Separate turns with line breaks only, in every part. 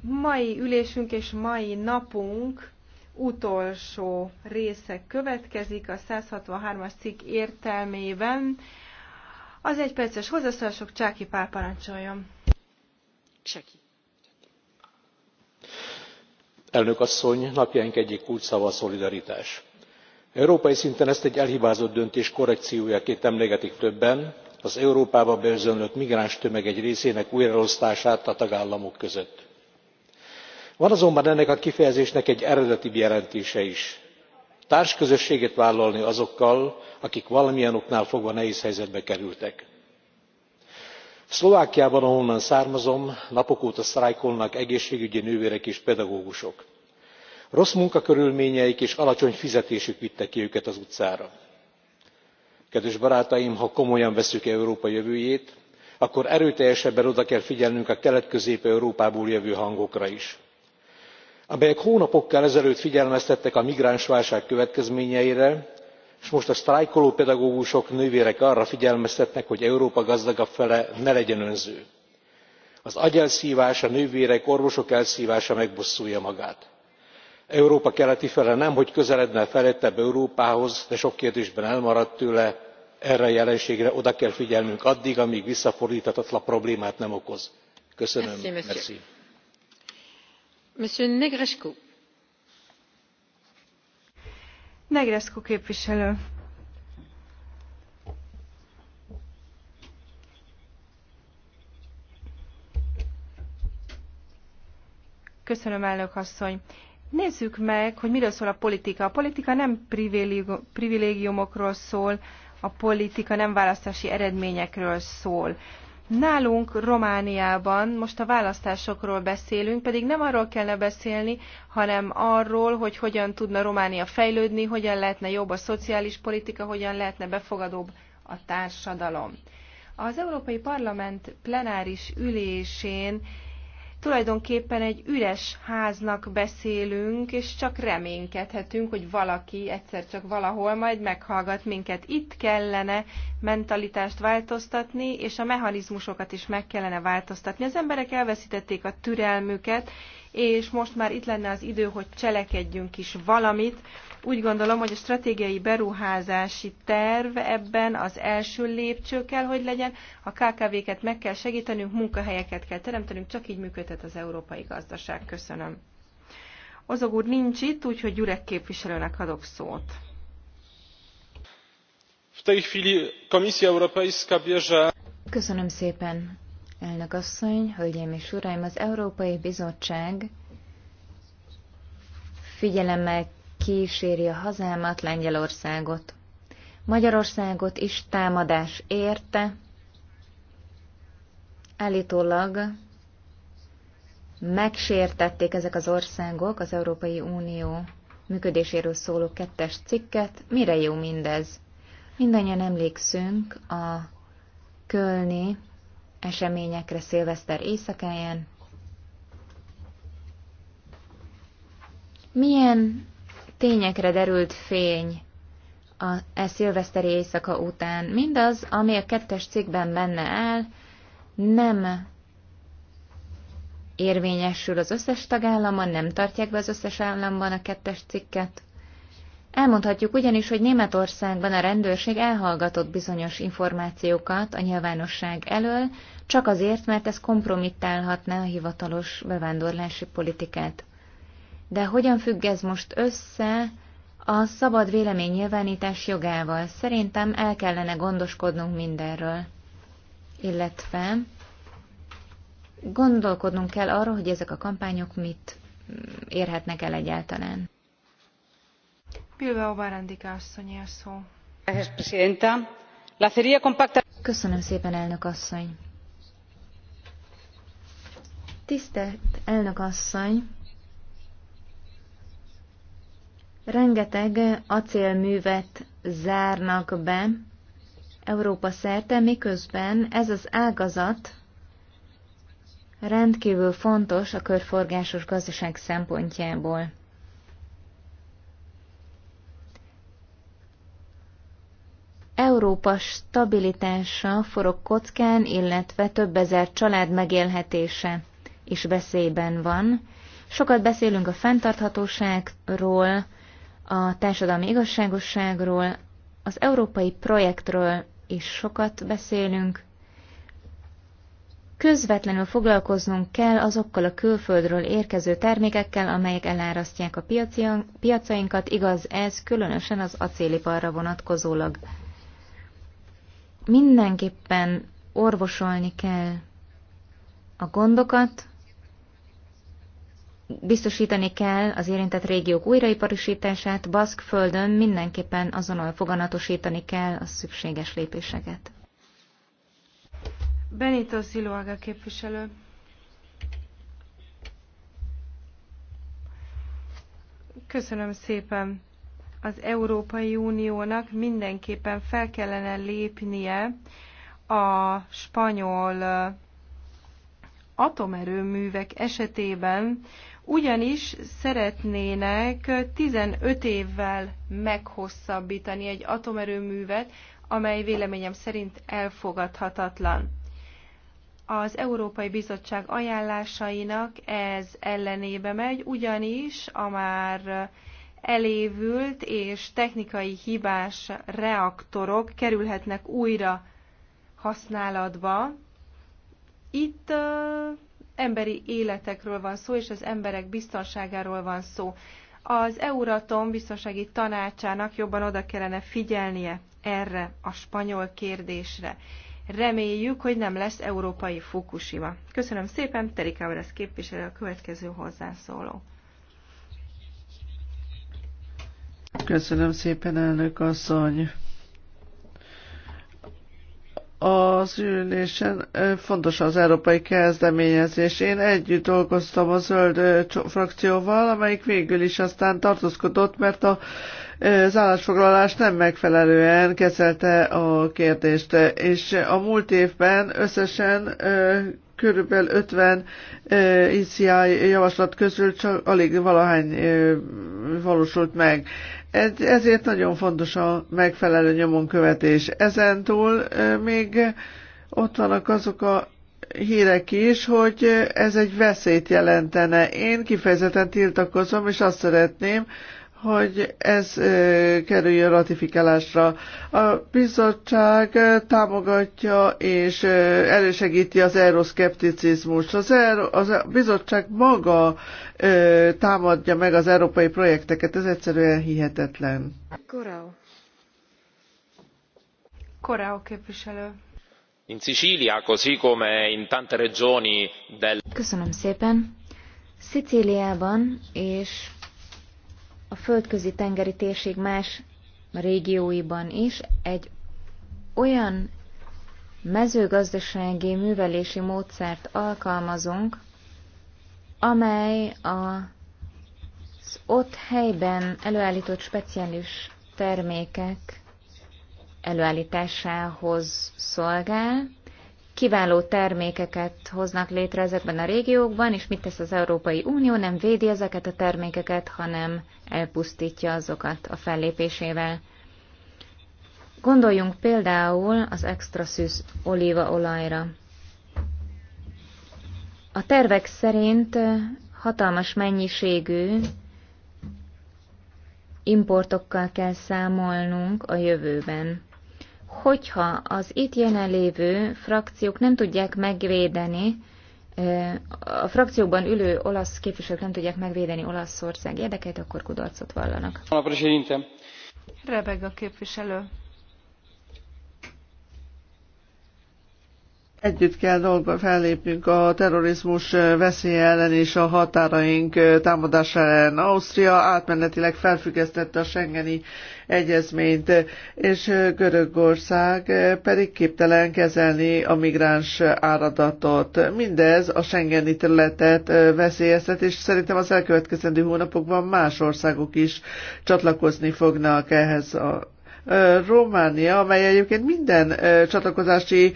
mai ülésünk és mai napunk utolsó része következik a 163-as cikk értelmében. Az egyperces hozzászólások Csáki Pál parancsoljon.
Csáki.
Elnök asszony, napjaink egyik kulcsszava a szolidaritás. Európai szinten ezt egy elhibázott döntés korrekciójaként emlegetik többen, az Európába beözönlött migráns tömeg egy részének újraosztását a tagállamok között van azonban ennek a kifejezésnek egy eredetibb jelentése is társközösséget vállalni azokkal akik valamilyen oknál fogva nehéz helyzetbe kerültek. szlovákiában ahonnan származom napok óta sztrájkolnak egészségügyi nővérek és pedagógusok. rossz munkakörülményeik és alacsony fizetésük vitte ki őket az utcára. kedves barátaim ha komolyan vesszük európa jövőjét akkor erőteljesebben oda kell figyelnünk a kelet közép európából jövő hangokra is amelyek hónapokkal ezelőtt figyelmeztettek a migránsválság következményeire s most a sztrájkoló pedagógusok nővérek arra figyelmeztetnek hogy európa gazdagabb fele ne legyen önző. az agyelszvás a nővérek orvosok elszvása megbosszulja magát. európa keleti fele nemhogy közeledne a fejlettebb európához de sok kérdésben elmaradt tőle erre a jelenségre oda kell figyelnünk addig amg visszafordthatatlan problémát nem okoz. köszönöm.
Negrescu. képviselő. Köszönöm, elnök asszony. Nézzük meg, hogy miről szól a politika. A politika nem privilégiumokról szól, a politika nem választási eredményekről szól. Nálunk Romániában most a választásokról beszélünk, pedig nem arról kellene beszélni, hanem arról, hogy hogyan tudna Románia fejlődni, hogyan lehetne jobb a szociális politika, hogyan lehetne befogadóbb a társadalom. Az Európai Parlament plenáris ülésén Tulajdonképpen egy üres háznak beszélünk, és csak reménykedhetünk, hogy valaki egyszer csak valahol majd meghallgat minket. Itt kellene mentalitást változtatni, és a mechanizmusokat is meg kellene változtatni. Az emberek elveszítették a türelmüket, és most már itt lenne az idő, hogy cselekedjünk is valamit. Úgy gondolom, hogy a stratégiai beruházási terv ebben az első lépcső kell, hogy legyen. A KKV-ket meg kell segítenünk, munkahelyeket kell teremtenünk, csak így működhet az európai gazdaság. Köszönöm. Ozog úr nincs itt, úgyhogy Gyurek képviselőnek adok szót.
tej chwili
Komisja Europejska bierze...
Köszönöm szépen elnök asszony, hölgyeim és uraim, az Európai Bizottság figyelemmel kíséri a hazámat, Lengyelországot. Magyarországot is támadás érte, állítólag megsértették ezek az országok az Európai Unió működéséről szóló kettes cikket. Mire jó mindez? Mindannyian emlékszünk a Kölni eseményekre szilveszter éjszakáján. Milyen tényekre derült fény a, e szilveszteri éjszaka után? Mindaz, ami a kettes cikkben benne áll, nem érvényesül az összes tagállamban, nem tartják be az összes államban a kettes cikket. Elmondhatjuk ugyanis, hogy Németországban a rendőrség elhallgatott bizonyos információkat a nyilvánosság elől, csak azért, mert ez kompromittálhatná a hivatalos bevándorlási politikát. De hogyan függ ez most össze a szabad vélemény nyilvánítás jogával? Szerintem el kellene gondoskodnunk mindenről. Illetve gondolkodnunk kell arról, hogy ezek a kampányok mit mm, érhetnek el egyáltalán. Köszönöm szépen, elnök asszony. Tisztelt elnök asszony, rengeteg acélművet zárnak be Európa szerte, miközben ez az ágazat rendkívül fontos a körforgásos gazdaság szempontjából. Európa stabilitása forog kockán, illetve több ezer család megélhetése is veszélyben van. Sokat beszélünk a fenntarthatóságról, a társadalmi igazságosságról, az európai projektről is sokat beszélünk. Közvetlenül foglalkoznunk kell azokkal a külföldről érkező termékekkel, amelyek elárasztják a piacainkat, igaz ez különösen az acéliparra vonatkozólag mindenképpen orvosolni kell a gondokat, biztosítani kell az érintett régiók újraiparosítását, Baszk földön mindenképpen azonnal foganatosítani kell a szükséges lépéseket.
Benito Ziloaga képviselő. Köszönöm szépen az Európai Uniónak mindenképpen fel kellene lépnie a spanyol atomerőművek esetében, ugyanis szeretnének 15 évvel meghosszabbítani egy atomerőművet, amely véleményem szerint elfogadhatatlan. Az Európai Bizottság ajánlásainak ez ellenébe megy, ugyanis a már elévült és technikai hibás reaktorok kerülhetnek újra használatba. Itt ö, emberi életekről van szó, és az emberek biztonságáról van szó. Az Euratom biztonsági tanácsának jobban oda kellene figyelnie erre a spanyol kérdésre. Reméljük, hogy nem lesz európai Fukushima. Köszönöm szépen, Terika Ábrez képviselő a következő hozzászóló.
Köszönöm szépen, elnök asszony. Az ülésen fontos az európai kezdeményezés. Én együtt dolgoztam a zöld frakcióval, amelyik végül is aztán tartózkodott, mert a az állásfoglalás nem megfelelően kezelte a kérdést, és a múlt évben összesen körülbelül 50 ICI javaslat közül csak alig valahány valósult meg. Ezért nagyon fontos a megfelelő nyomon követés. Ezentúl még ott vannak azok a hírek is, hogy ez egy veszélyt jelentene. Én kifejezetten tiltakozom, és azt szeretném, hogy ez kerüljön ratifikálásra. A bizottság támogatja és elősegíti az euroszkepticizmust. Az, Euró, az a bizottság maga támadja meg az európai projekteket, ez egyszerűen hihetetlen.
Korau. Korau képviselő.
In Sicilia, così come in tante regioni del...
Köszönöm szépen. Szicíliában és a földközi tengeri térség más régióiban is egy olyan mezőgazdasági művelési módszert alkalmazunk, amely az ott helyben előállított speciális termékek előállításához szolgál, kiváló termékeket hoznak létre ezekben a régiókban, és mit tesz az Európai Unió? Nem védi ezeket a termékeket, hanem elpusztítja azokat a fellépésével. Gondoljunk például az extra szűz olívaolajra. A tervek szerint hatalmas mennyiségű importokkal kell számolnunk a jövőben hogyha az itt jelenlévő frakciók nem tudják megvédeni, a frakcióban ülő olasz képviselők nem tudják megvédeni Olaszország érdekeit, akkor kudarcot
vallanak.
Rebeg a képviselő.
Együtt kell dolgba fellépnünk a terrorizmus veszélye ellen és a határaink támadása ellen. Ausztria átmenetileg felfüggesztette a Schengeni egyezményt, és Görögország pedig képtelen kezelni a migráns áradatot. Mindez a Schengeni területet veszélyeztet, és szerintem az elkövetkezendő hónapokban más országok is csatlakozni fognak ehhez a Románia, amely egyébként minden csatlakozási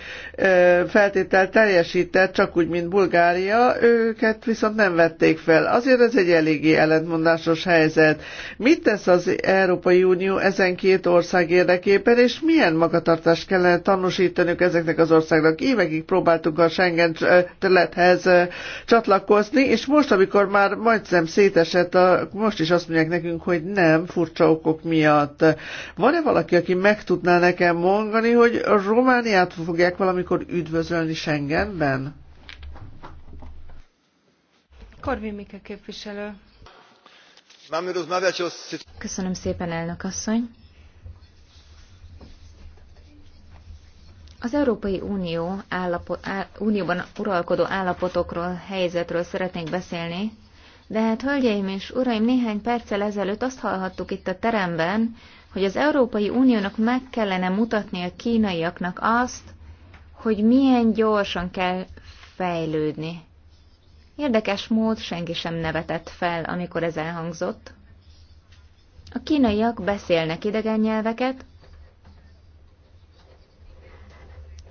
feltételt teljesített, csak úgy, mint Bulgária, őket viszont nem vették fel. Azért ez egy eléggé ellentmondásos helyzet. Mit tesz az Európai Unió ezen két ország érdekében, és milyen magatartást kellene tanúsítaniuk ezeknek az országnak? Évekig próbáltunk a Schengen területhez csatlakozni, és most, amikor már majdnem szétesett, most is azt mondják nekünk, hogy nem, furcsa okok miatt. Van-e valaki, aki meg tudná nekem mondani, hogy a Romániát fogják valamikor üdvözölni Schengenben?
Korvin Mike képviselő. Köszönöm szépen, elnök asszony.
Az Európai Unió állapot, áll, Unióban uralkodó állapotokról, helyzetről szeretnék beszélni, de hát, hölgyeim és uraim, néhány perccel ezelőtt azt hallhattuk itt a teremben, hogy az Európai Uniónak meg kellene mutatni a kínaiaknak azt, hogy milyen gyorsan kell fejlődni. Érdekes mód senki sem nevetett fel, amikor ez elhangzott. A kínaiak beszélnek idegen nyelveket,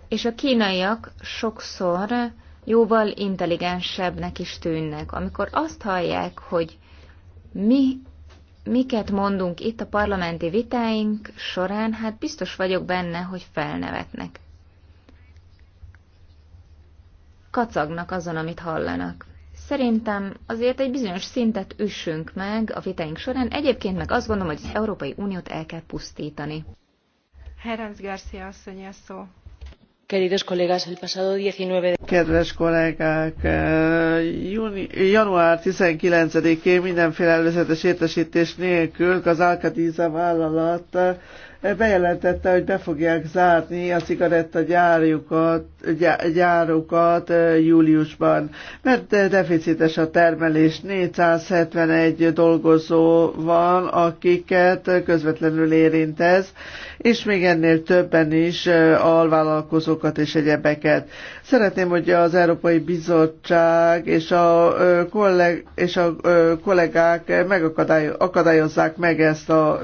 és a kínaiak sokszor jóval intelligensebbnek is tűnnek. Amikor azt hallják, hogy mi miket mondunk itt a parlamenti vitáink során, hát biztos vagyok benne, hogy felnevetnek. Kacagnak azon, amit hallanak. Szerintem azért egy bizonyos szintet üssünk meg a vitáink során, egyébként meg azt gondolom, hogy az Európai Uniót el kell pusztítani.
Herenc Garcia asszony szó. Kedves
kollégák, eh, júni, január 19-én mindenféle előzetes értesítés nélkül az Alcatiza vállalat bejelentette, hogy be fogják zárni a cigarettagyárukat gyárukat júliusban, mert deficites a termelés. 471 dolgozó van, akiket közvetlenül érint ez, és még ennél többen is alvállalkozókat és egyebeket. Szeretném, hogy az Európai Bizottság és a, kolleg, és a kollégák megakadályozzák meg ezt a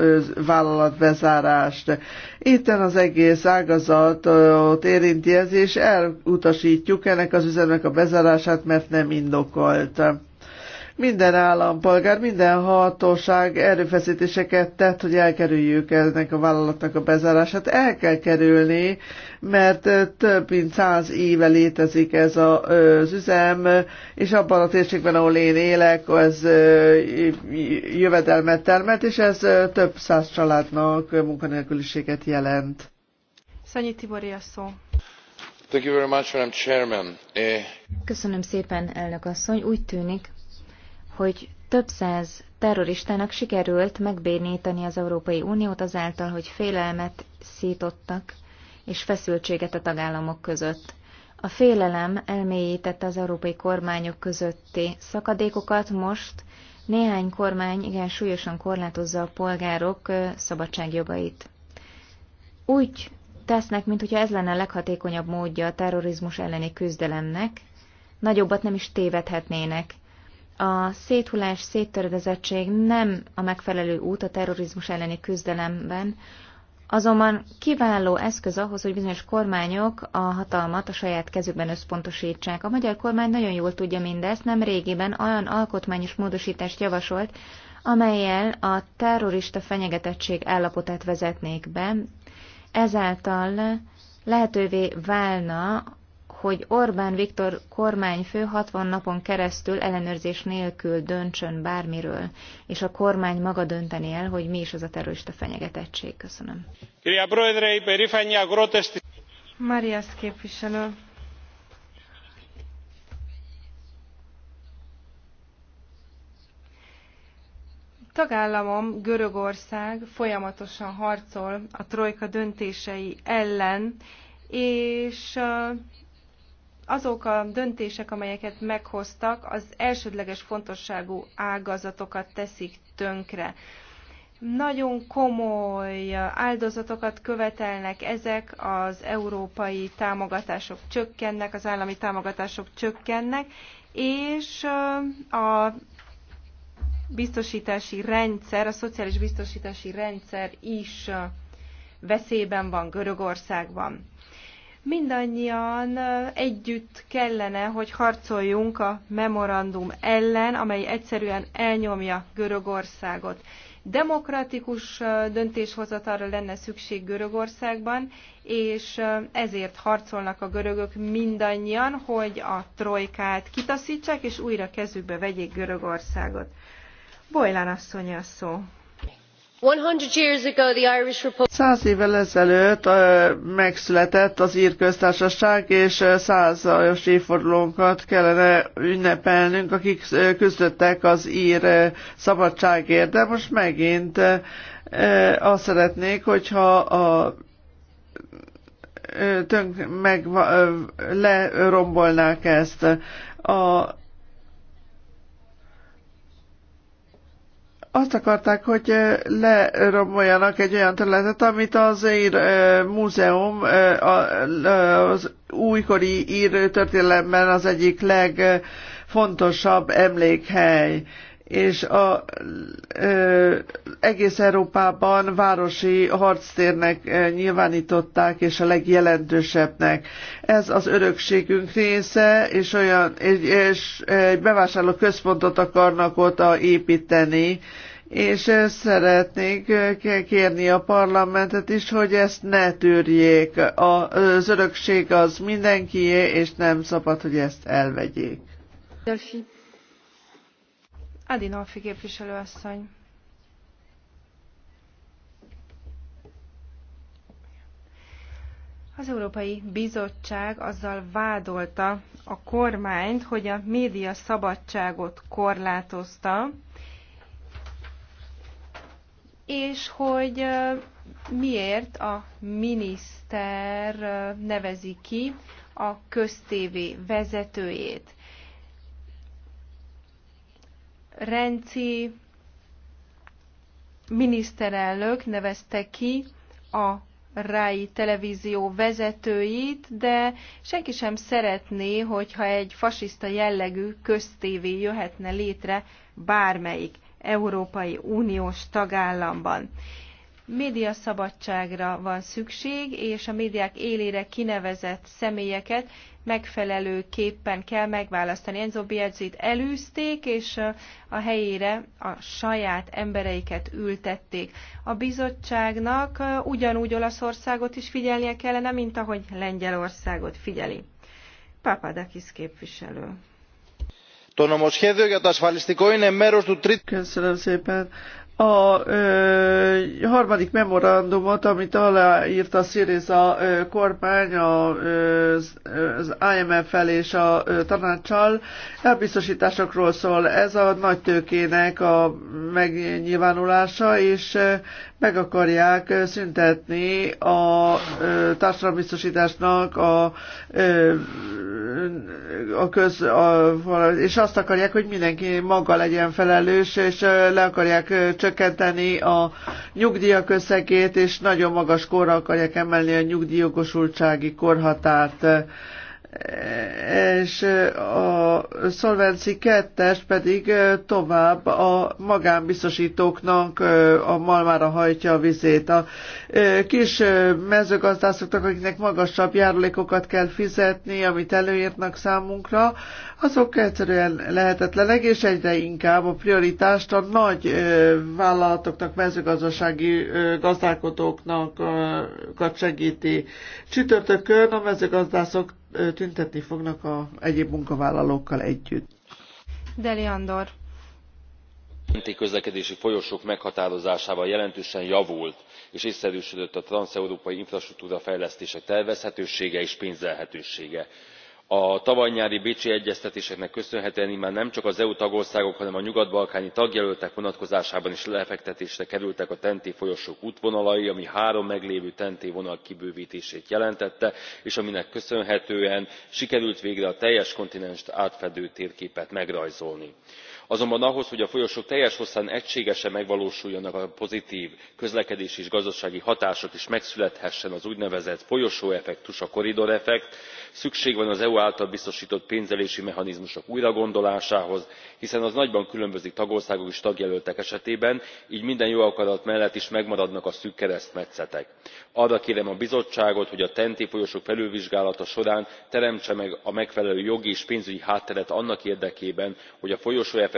vállalatbezárást megoldást. Itten az egész ágazatot érinti ez, és elutasítjuk ennek az üzemnek a bezárását, mert nem indokolt. Minden állampolgár, minden hatóság erőfeszítéseket tett, hogy elkerüljük ennek a vállalatnak a bezárását. El kell kerülni, mert több mint száz éve létezik ez a, az üzem, és abban a térségben, ahol én élek, ez jövedelmet termelt, és ez több száz családnak munkanélküliséget jelent. Szanyi Tibori a szó. Eh, Köszönöm szépen,
elnök asszony. Úgy tűnik, hogy több száz terroristának sikerült megbénítani az Európai Uniót azáltal, hogy félelmet szítottak és feszültséget a tagállamok között. A félelem elmélyítette az európai kormányok közötti szakadékokat, most néhány kormány igen súlyosan korlátozza a polgárok szabadságjogait. Úgy tesznek, mintha ez lenne a leghatékonyabb módja a terrorizmus elleni küzdelemnek, nagyobbat nem is tévedhetnének a széthullás, széttöredezettség nem a megfelelő út a terrorizmus elleni küzdelemben, azonban kiváló eszköz ahhoz, hogy bizonyos kormányok a hatalmat a saját kezükben összpontosítsák. A magyar kormány nagyon jól tudja mindezt, nem régiben olyan alkotmányos módosítást javasolt, amelyel a terrorista fenyegetettség állapotát vezetnék be, ezáltal lehetővé válna hogy Orbán Viktor kormányfő 60 napon keresztül ellenőrzés nélkül döntsön bármiről, és a kormány maga dönteni el, hogy mi is az a terrorista fenyegetettség. Köszönöm.
Marias képviselő. tagállamom Görögország folyamatosan harcol a trojka döntései ellen, és azok a döntések, amelyeket meghoztak, az elsődleges fontosságú ágazatokat teszik tönkre. Nagyon komoly áldozatokat követelnek ezek, az európai támogatások csökkennek, az állami támogatások csökkennek, és a biztosítási rendszer, a szociális biztosítási rendszer is veszélyben van Görögországban mindannyian együtt kellene, hogy harcoljunk a memorandum ellen, amely egyszerűen elnyomja Görögországot. Demokratikus döntéshozatalra lenne szükség Görögországban, és ezért harcolnak a görögök mindannyian, hogy a trojkát kitaszítsák, és újra kezükbe vegyék Görögországot. Bojlán asszony a szó.
Száz évvel ezelőtt megszületett az ír köztársaság, és százas évfordulónkat kellene ünnepelnünk, akik küzdöttek az ír szabadságért, de most megint azt szeretnék, hogyha a tönk meg lerombolnák ezt. A azt akarták, hogy leromoljanak egy olyan területet, amit az ír múzeum az újkori ír történelemben az egyik legfontosabb emlékhely és a, ö, egész Európában városi harctérnek ö, nyilvánították, és a legjelentősebbnek. Ez az örökségünk része, és olyan és, és egy bevásárló központot akarnak ott építeni, és szeretnék kérni a parlamentet is, hogy ezt ne tűrjék. Az örökség az mindenkié, és nem szabad, hogy ezt elvegyék.
Delfi. Adinolfi képviselőasszony. Az Európai Bizottság azzal vádolta a kormányt, hogy a média szabadságot korlátozta, és hogy miért a miniszter nevezi ki a köztévé vezetőjét. Renci miniszterelnök nevezte ki a Rái televízió vezetőit, de senki sem szeretné, hogyha egy fasiszta jellegű köztévé jöhetne létre bármelyik Európai Uniós tagállamban. Médiaszabadságra van szükség, és a médiák élére kinevezett személyeket megfelelőképpen kell megválasztani. Enzo Biagit elűzték, és a helyére a saját embereiket ültették. A bizottságnak ugyanúgy Olaszországot is figyelnie kellene, mint ahogy Lengyelországot figyeli. Papadakis képviselő.
Köszönöm szépen a ö, harmadik memorandumot, amit aláírt a Syriza ö, kormány a, ö, az imf el és a ö, tanácssal, elbiztosításokról szól. Ez a nagy tőkének a megnyilvánulása, és ö, meg akarják szüntetni a ö, társadalombiztosításnak a, ö, a köz, a, és azt akarják, hogy mindenki maga legyen felelős, és ö, le akarják csökkenteni csökkenteni a nyugdíjak összegét, és nagyon magas korra akarják emelni a nyugdíjogosultsági korhatárt és a Solvency 2 pedig tovább a magánbiztosítóknak a malmára hajtja a vizét. A kis mezőgazdászoknak, akiknek magasabb járulékokat kell fizetni, amit előírnak számunkra, azok egyszerűen lehetetlenek, és egyre inkább a prioritást a nagy vállalatoknak, mezőgazdasági gazdálkodóknak segíti. Csütörtökön a mezőgazdászok tüntetni fognak a egyéb munkavállalókkal együtt.
Deli Andor.
A közlekedési folyosók meghatározásával jelentősen javult és észszerűsödött a transzeurópai infrastruktúra fejlesztések tervezhetősége és pénzelhetősége a tavaly nyári bécsi egyeztetéseknek köszönhetően immár csak az eu tagországok hanem a nyugat balkáni tagjelöltek vonatkozásában is lefektetésre kerültek a ten t folyosók útvonalai ami három meglévő ten t vonal kibővtését jelentette és aminek köszönhetően sikerült végre a teljes kontinenst átfedő térképet megrajzolni azonban ahhoz hogy a folyosók teljes hosszán egységesen megvalósuljanak a pozitv közlekedési és gazdasági hatások és megszülethessen az úgynevezett folyosóeffektus a korridoreffekt szükség van az eu által biztostott pénzelési mechanizmusok újragondolásához hiszen az nagyban különbözik tagországok és tagjelöltek esetében gy minden jó akarat mellett is megmaradnak a szűk keresztmetszetek. arra kérem a bizottságot hogy a ten t folyosók felülvizsgálata során teremtse meg a megfelelő jogi és pénzügyi hátteret annak érdekében hogy a folyosóeffektus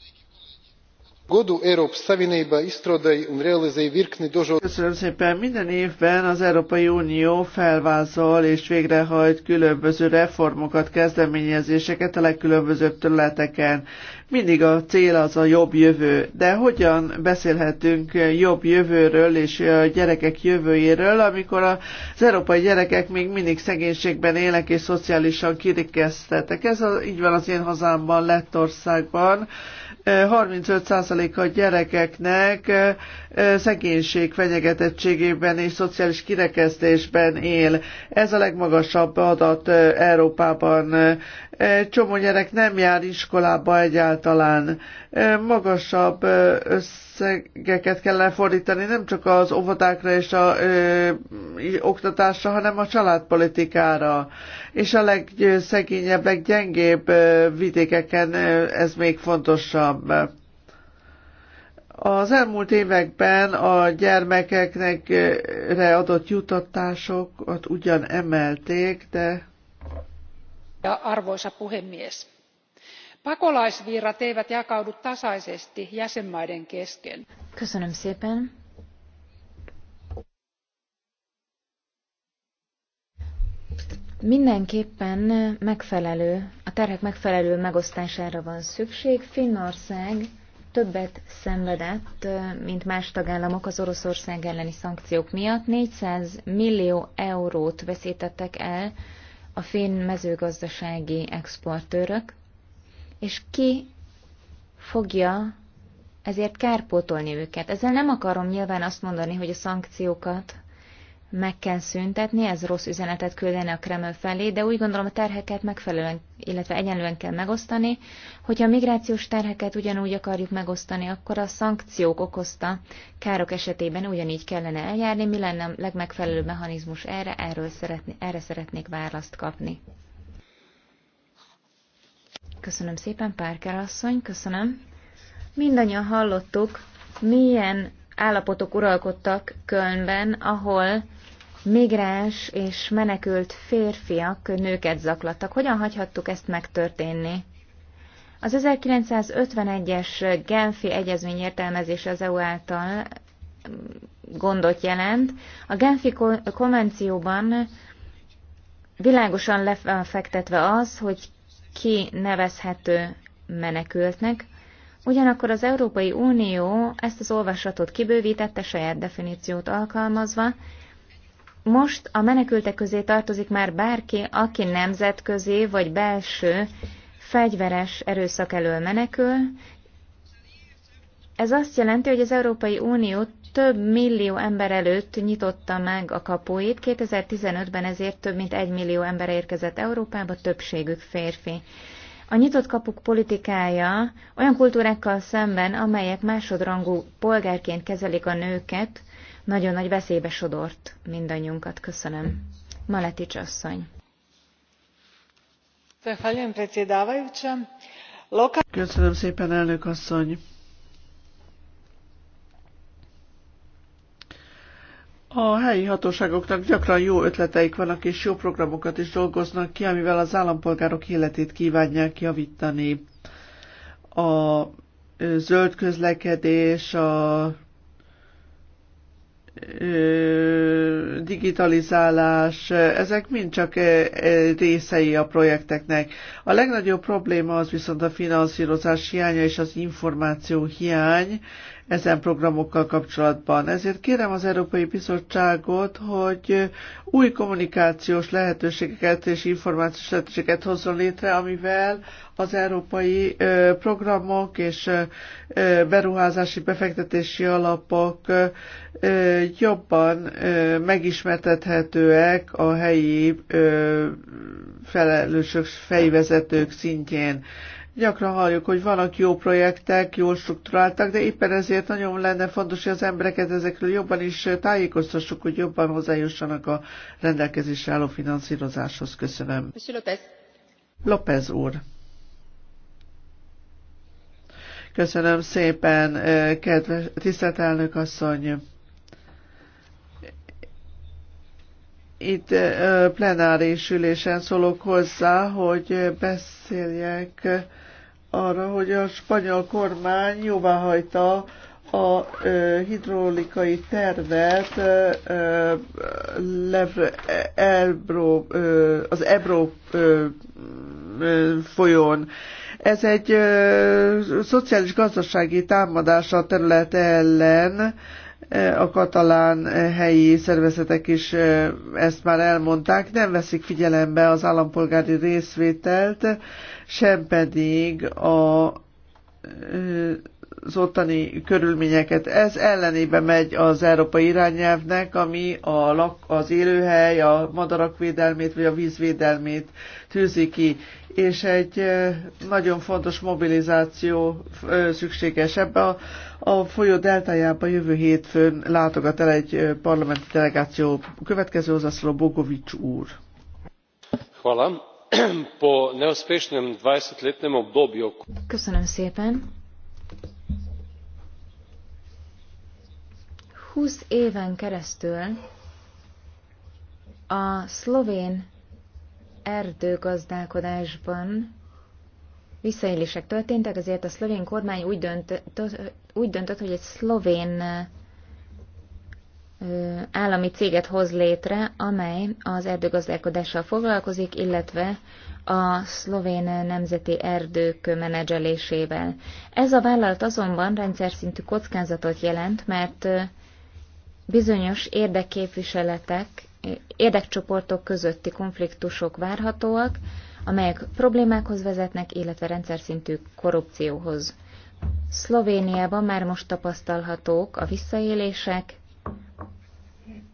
Köszönöm szépen. Minden évben az Európai Unió felvázol és végrehajt különböző reformokat, kezdeményezéseket a legkülönbözőbb területeken. Mindig a cél az a jobb jövő. De hogyan beszélhetünk jobb jövőről és a gyerekek jövőjéről, amikor az európai gyerekek még mindig szegénységben élnek és szociálisan kirikesztettek? Ez a, így van az én hazámban, Lettországban 35%-a gyerekeknek szegénység fenyegetettségében és szociális kirekesztésben él. Ez a legmagasabb adat Európában. Csomó gyerek nem jár iskolába egyáltalán. Magasabb összegeket kellene fordítani nem csak az óvodákra és a ö, oktatásra, hanem a családpolitikára. És a legszegényebb, leggyengébb vidékeken ez még fontosabb hasznosabb. Az elmúlt években a gyermekeknek adott jutatásokat ugyan emelték, de...
Arvoisa puhemies! Pakolaisvirrat eivät jakaudu tasaisesti jäsenmaiden kesken.
Köszönöm szépen! Mindenképpen megfelelő, a terhek megfelelő megosztására van szükség. Finnország többet szenvedett, mint más tagállamok az Oroszország elleni szankciók miatt. 400 millió eurót veszítettek el a finn mezőgazdasági exportőrök, és ki fogja ezért kárpótolni őket. Ezzel nem akarom nyilván azt mondani, hogy a szankciókat meg kell szüntetni, ez rossz üzenetet küldeni a Kreml felé, de úgy gondolom a terheket megfelelően, illetve egyenlően kell megosztani. Hogyha a migrációs terheket ugyanúgy akarjuk megosztani, akkor a szankciók okozta károk esetében ugyanígy kellene eljárni. Mi lenne a legmegfelelőbb mechanizmus erre? Erről szeretni, erre szeretnék választ kapni. Köszönöm szépen, Párker asszony, köszönöm. Mindannyian hallottuk, milyen állapotok uralkodtak Kölnben, ahol migráns és menekült férfiak nőket zaklattak. Hogyan hagyhattuk ezt megtörténni? Az 1951-es Genfi Egyezmény értelmezése az EU által gondot jelent. A Genfi konvencióban világosan lefektetve az, hogy ki nevezhető menekültnek, ugyanakkor az Európai Unió ezt az olvasatot kibővítette, saját definíciót alkalmazva, most a menekültek közé tartozik már bárki, aki nemzetközi vagy belső fegyveres erőszak elől menekül. Ez azt jelenti, hogy az Európai Unió több millió ember előtt nyitotta meg a kapuit. 2015-ben ezért több mint egy millió ember érkezett Európába, többségük férfi. A nyitott kapuk politikája olyan kultúrákkal szemben, amelyek másodrangú polgárként kezelik a nőket, nagyon nagy veszélybe sodort mindannyiunkat. Köszönöm.
Maletics asszony. Köszönöm szépen, elnök asszony. A helyi hatóságoknak gyakran jó ötleteik vannak, és jó programokat is dolgoznak ki, amivel az állampolgárok életét kívánják javítani. A zöld közlekedés, a digitalizálás, ezek mind csak részei a projekteknek. A legnagyobb probléma az viszont a finanszírozás hiánya és az információ hiány, ezen programokkal kapcsolatban. Ezért kérem az Európai Bizottságot, hogy új kommunikációs lehetőségeket és információs lehetőséget hozzon létre, amivel az európai programok és beruházási befektetési alapok jobban megismertethetőek a helyi felelősök fejvezetők szintjén. Gyakran halljuk, hogy vannak jó projektek, jól struktúráltak, de éppen ezért nagyon lenne fontos, hogy az embereket ezekről jobban is tájékoztassuk, hogy jobban hozzájussanak a rendelkezésre álló finanszírozáshoz. Köszönöm. López. López úr. Köszönöm szépen, eh, kedves tisztelt elnök asszony. itt plenáris ülésen szólok hozzá, hogy beszéljek arra, hogy a spanyol kormány jóváhagyta a hidrolikai tervet az Ebro folyón. Ez egy szociális-gazdasági támadás a terület ellen, a katalán eh, helyi szervezetek is eh, ezt már elmondták, nem veszik figyelembe az állampolgári részvételt, sem pedig a eh, az ottani körülményeket. Ez ellenébe megy az európai irányelvnek, ami a lak, az élőhely, a madarak védelmét vagy a vízvédelmét tűzi ki, és egy eh, nagyon fontos mobilizáció eh, szükséges ebbe. A, a folyó deltájában jövő hétfőn látogat el egy eh, parlamenti delegáció. Következő hozzászóló Bogovics úr.
20
Köszönöm szépen 20 éven keresztül a szlovén erdőgazdálkodásban visszaélések történtek, ezért a szlovén kormány úgy döntött, úgy döntött hogy egy szlovén állami céget hoz létre, amely az erdőgazdálkodással foglalkozik, illetve a szlovén nemzeti erdők menedzselésével. Ez a vállalat azonban rendszer szintű kockázatot jelent, mert bizonyos érdekképviseletek, érdekcsoportok közötti konfliktusok várhatóak, amelyek problémákhoz vezetnek, illetve rendszer szintű korrupcióhoz. Szlovéniában már most tapasztalhatók a visszaélések,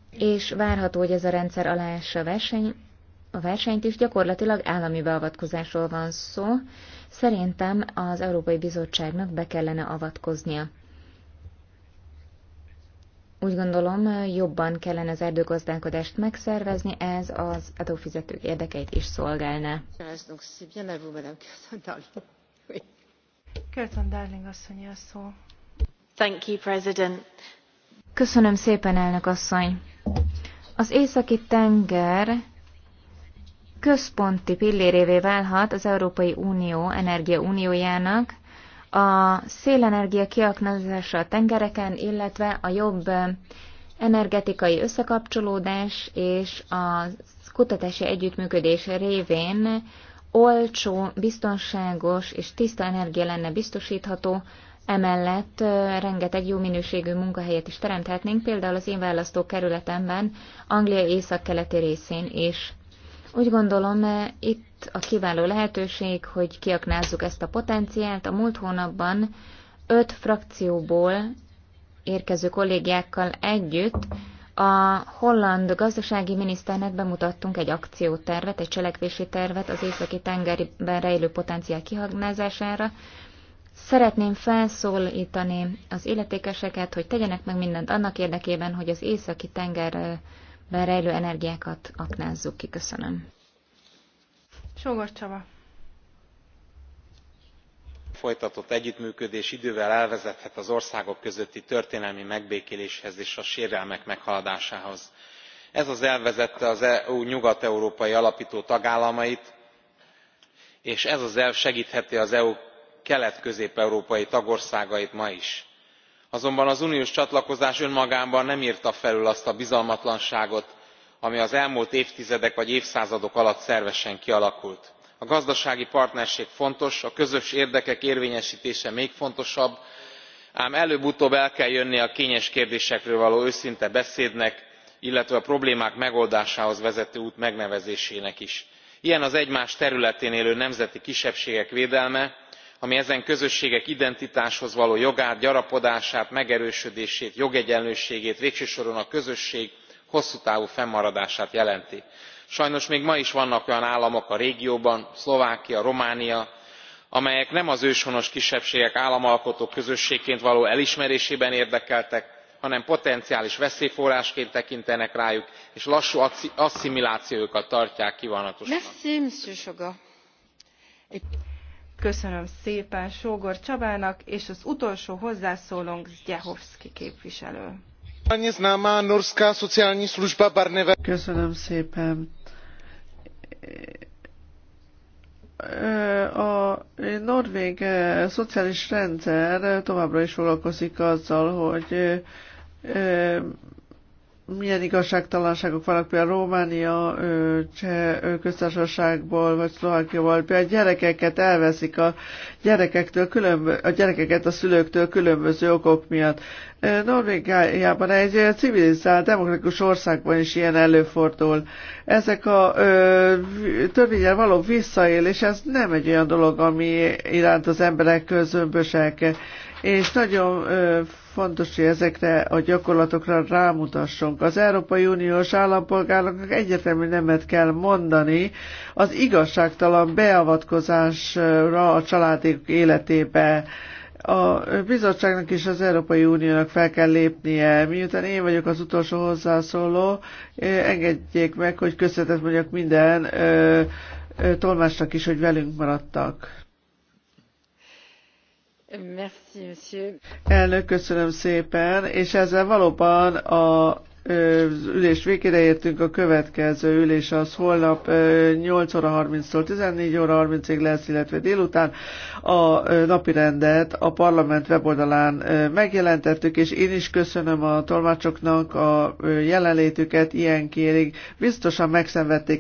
és várható, hogy ez a rendszer aláássa verseny, a versenyt is, gyakorlatilag állami beavatkozásról van szó. Szerintem az Európai Bizottságnak be kellene avatkoznia. Úgy gondolom, jobban kellene az erdőgazdálkodást megszervezni, ez az adófizetők érdekeit is szolgálná.
Darling asszony a szó.
Thank you, President. Köszönöm szépen, elnök asszony. Az északi tenger központi pillérévé válhat az Európai Unió energiauniójának, a szélenergia kiaknázása a tengereken, illetve a jobb energetikai összekapcsolódás és a kutatási együttműködés révén olcsó, biztonságos és tiszta energia lenne biztosítható, Emellett rengeteg jó minőségű munkahelyet is teremthetnénk, például az én választókerületemben, Anglia észak-keleti részén is. Úgy gondolom, eh, itt a kiváló lehetőség, hogy kiaknázzuk ezt a potenciált. A múlt hónapban öt frakcióból érkező kollégiákkal együtt a holland gazdasági miniszternek bemutattunk egy akciótervet, egy cselekvési tervet az északi tengerben rejlő potenciál kihagnázására. Szeretném felszólítani az illetékeseket, hogy tegyenek meg mindent annak érdekében, hogy az északi tenger eh, ben rejlő energiákat aknázzuk ki. Köszönöm.
Sógor Csaba.
Folytatott együttműködés idővel elvezethet az országok közötti történelmi megbékéléshez és a sérelmek meghaladásához. Ez az elvezette az EU nyugat európai alapító tagállamait, és ez az elv segítheti az EU kelet közép európai tagországait ma is azonban az uniós csatlakozás önmagában nem rta felül azt a bizalmatlanságot ami az elmúlt évtizedek vagy évszázadok alatt szervesen kialakult. a gazdasági partnerség fontos a közös érdekek érvényestése még fontosabb ám előbb utóbb el kell jönnie a kényes kérdésekről való őszinte beszédnek illetve a problémák megoldásához vezető út megnevezésének is. ilyen az egymás területén élő nemzeti kisebbségek védelme ami ezen közösségek identitáshoz való jogát gyarapodását megerősödését jogegyenlőségét végső soron a közösség hosszú távú fennmaradását jelenti. sajnos még ma is vannak olyan államok a régióban szlovákia románia amelyek nem az őshonos kisebbségek államalkotó közösségként való elismerésében érdekeltek hanem potenciális veszélyforrásként tekintenek rájuk és lassú asszimilációjukat tartják kvánatosnak.
Köszönöm szépen Sógor Csabának, és az utolsó hozzászólónk Zdjehovszki képviselő.
Köszönöm szépen. A norvég szociális rendszer továbbra is foglalkozik azzal, hogy milyen igazságtalanságok vannak például Románia, Cseh köztársaságból, vagy Szlovákiaból, például gyerekeket elveszik a gyerekektől, különbö- a gyerekeket a szülőktől különböző okok miatt. Norvégiában egy civilizált, demokratikus országban is ilyen előfordul. Ezek a törvényel való visszaélés, ez nem egy olyan dolog, ami iránt az emberek közömbösek, és nagyon ö, fontos, hogy ezekre a gyakorlatokra rámutassunk. Az Európai Uniós állampolgároknak egyetemű nemet kell mondani az igazságtalan beavatkozásra a családjuk életébe a bizottságnak és az Európai Uniónak fel kell lépnie. Miután én vagyok az utolsó hozzászóló, eh, engedjék meg, hogy köszönetet mondjak minden eh, eh, tolmásnak is, hogy velünk maradtak.
Merci, monsieur.
Elnök, köszönöm szépen, és ezzel valóban a ülés végére értünk, a következő ülés az holnap 8 óra 30-tól 14 óra 30-ig lesz, illetve délután a napi rendet a parlament weboldalán megjelentettük, és én is köszönöm a tolmácsoknak a jelenlétüket, ilyen kérig biztosan megszenvedték